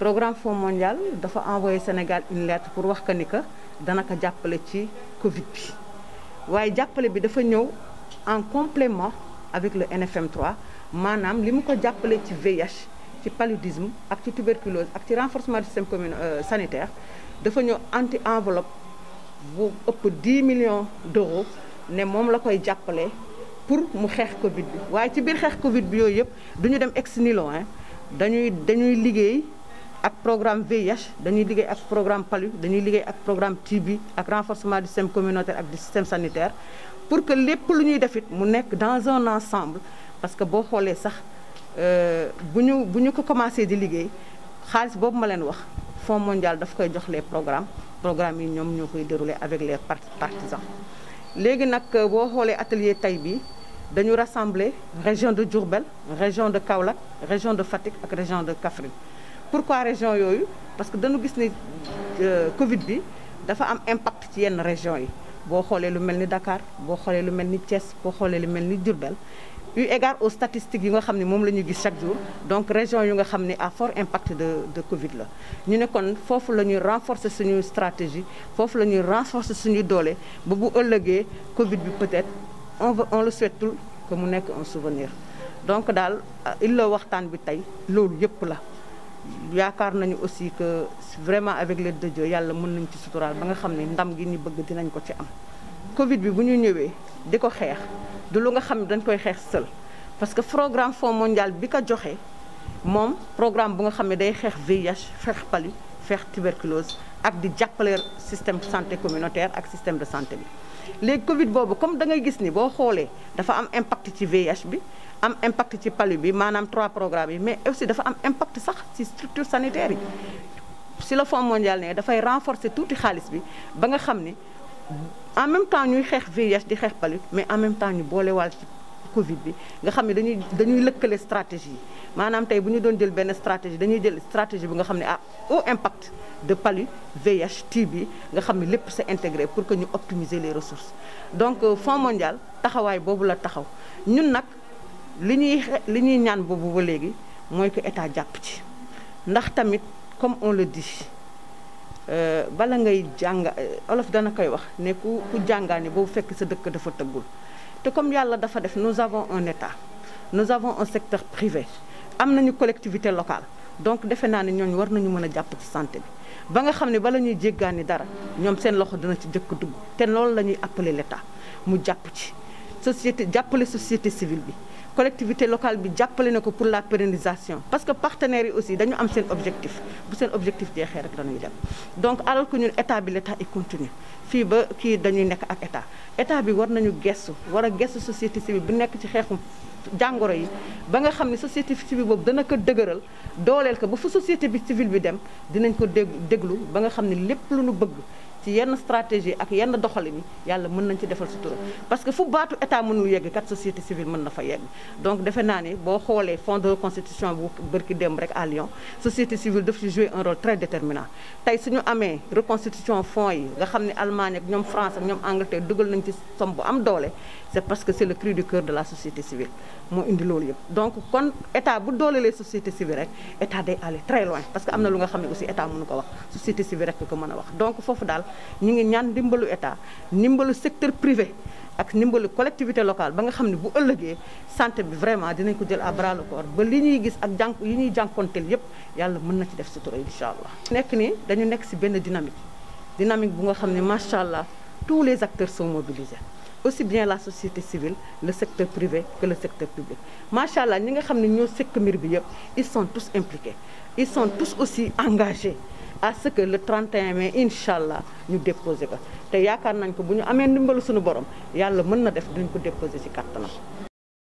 programme Fonds mondial dafa envoyé Sénégal une lettre pour wax que ni que dana ko jàppale ci Covid bi waaye jàppale bi dafa ñëw en complément avec le nfm maanaam li mu ko jàppale ci VIH ci paludisme ak ci tuberculose ak ci renforcement du système commun euh, sanitaire dafa ñëw anti enveloppe bu ëpp 10 millions d'euros ne moom la koy jàppale pour mu xeex Covid bi waaye ci biir xeex Covid bi yooyu yëpp duñu dem ex nihilo dañuy liggéey. ak programme VIH dañuy liggéey ak programme PALU dañuy liggéey ak programme TB ak renforcement du système communautaire ak du système sanitaire pour que lépp lu ñuy def it mu nekk dans un ensemble parce que boo xoolee sax euh, bu ñu bu ñu ko commencé di liggéey xaalis boobu ma leen wax Fonds mondial daf koy jox les programme programmes yi ñoom ñoo koy dérouler avec les partisans léegi nag euh, boo xoolee atelier tay bi dañu rassembler région de Diourbel région de Kaolack région de Fatick ak région de pour quoi région yooyu parce que dañu gis ni euh, Covid bi dafa am impact ci yenn région yi boo xoolee lu mel ni Dakar boo xoolee lu mel ni Thiès boo xoolee lu mel ni Diourbel eu égard aux statistiques yi nga xam ne moom la ñuy gis chaque jour donc région yu nga xam ne à fort impact de de Covid la ñu ne kon foofu la ñuy renforcer suñu stratégie foofu la ñuy renforcer suñu doole ba bu ëllëgee Covid bi peut-être on veut on le souhaite mu nekk un souvenir donc daal euh, illo waxtaan bi tey loolu yëpp la yaakaar nañu aussi que vraiment avec l'aide de Dieu yàlla mën nañ ci suturaal ba nga xam ni ndam gi ni bëgg dinañ ko ci am Covid bi bu ñuy ñëwee di ko xeex du lu nga xam ne dañ koy xeex seul parce que programme Fonds mondial bi ko joxee moom programme bu nga xam ne day xeex viage xeex pali xeex tuberculose ak di jàppale système santé communautaire ak système de santé bi. léegi Covid boobu comme da ngay gis ni boo xoolee dafa am impact ci VIH bi am impact ci palu bi maanaam trois programmes yi mais aussi dafa am impact sax ci structure sanitaire yi. si la Fonds mondial ne dafay renforcer tuuti xaalis bi ba nga xam ni en même temps ñuy xeex VIH di xeex palu mais en même temps ñu boole boolewaal ci. Covid bi nga xam ne dañuy dañuy lëkkale stratégie maanaam tey bu ñu doon jël benn stratégie dañuy jël stratégie bi nga xam ne ah haut impact de palu VIH TB nga xam ne lépp c'est intégré pour que ñu optimiser les ressources donc euh, Fonds mondial taxawaay boobu la taxaw ñun nag li ñuy li ñuy ñaan boobu ba léegi mooy que état jàpp ci ndax tamit comme on le dit Euh, bala ngay jàng euh, olof dana koy wax ne ku ku jàngaani boobu fekk sa dëkk dafa tëggul te comme yàlla dafa def nous avons un état nous avons un secteur privé am na ñu collectivité local donc defe naa ne ñooñu war nañu mën a jàpp ci santé bi ba nga xam ne bala ñuy jéggaani dara ñoom seen loxo dana ci jëkk dugg te loolu la ñuy appeler l'état mu jàpp ci société jàppale société civile bi collectivité locale bi jàppale na ko pour la pérennisation parce que partenaires yi aussi dañu am seen objectif bu seen objectif jeexee rek dañuy dem donc alors que ñun état bi l' état il continue fii ba kii dañuy nekk ak état état bi war nañu gestu war a gestu société civile bu nekk ci xeexum jàngoro yi ba nga xam ne société civile boobu dana ko dëgëral dooleel ko ba fu société bi civile bi dem dinañ ko déglu ba nga xam ne lépp lu ñu bëgg ci yenn stratégie ak yenn doxalin yi yàlla mën nañ ci defal sutura parce que fu baatu état mënul yegg kat société civile mën na fa yegg donc defe naa ne boo xoolee fond de reconstitution bu bërki dem rek à Lyon société civile daf ci jouer un rôle très déterminant tey suñu amee reconstitution fonds yi nga xam ni Allemagne ak ñoom France ak ñoom Angleterre dugal nañ ci somme bu am doole c'est parce que c'est le cri du cœur de la société civile moo indi loolu yëpp donc kon état bu am ne aussi état mënu ko wax société civile rek wax donc foofu daal ñu ngi ñaan dimbalu état ndimbalu secteur privé ak ndimbalu collectivité locale ba nga xam ne bu ëllëgee santé bi vraiment dinañ ko jël à bras le corps ba li ñuy gis ak jànk yi ñuy jànkonteel yépp yàlla mën na ci def sutura incha allah. nekk nii dañu nekk si benn dynamique dynamique bu nga xam ne macha allah tous les acteurs sont mobilisés. aussi bien la société civile le secteur privé que le secteur public macha allah ñi nga xam ne ñoo sekk mbir bi yëpp ils sont tous sont tous aussi engagés. à ce que le 31 mai incha allah ñu déposé ko te yaakaar nañ ko bu ñu amee ndimbalu suñu borom yàlla mën na def dinañ ko déposé si kattanam.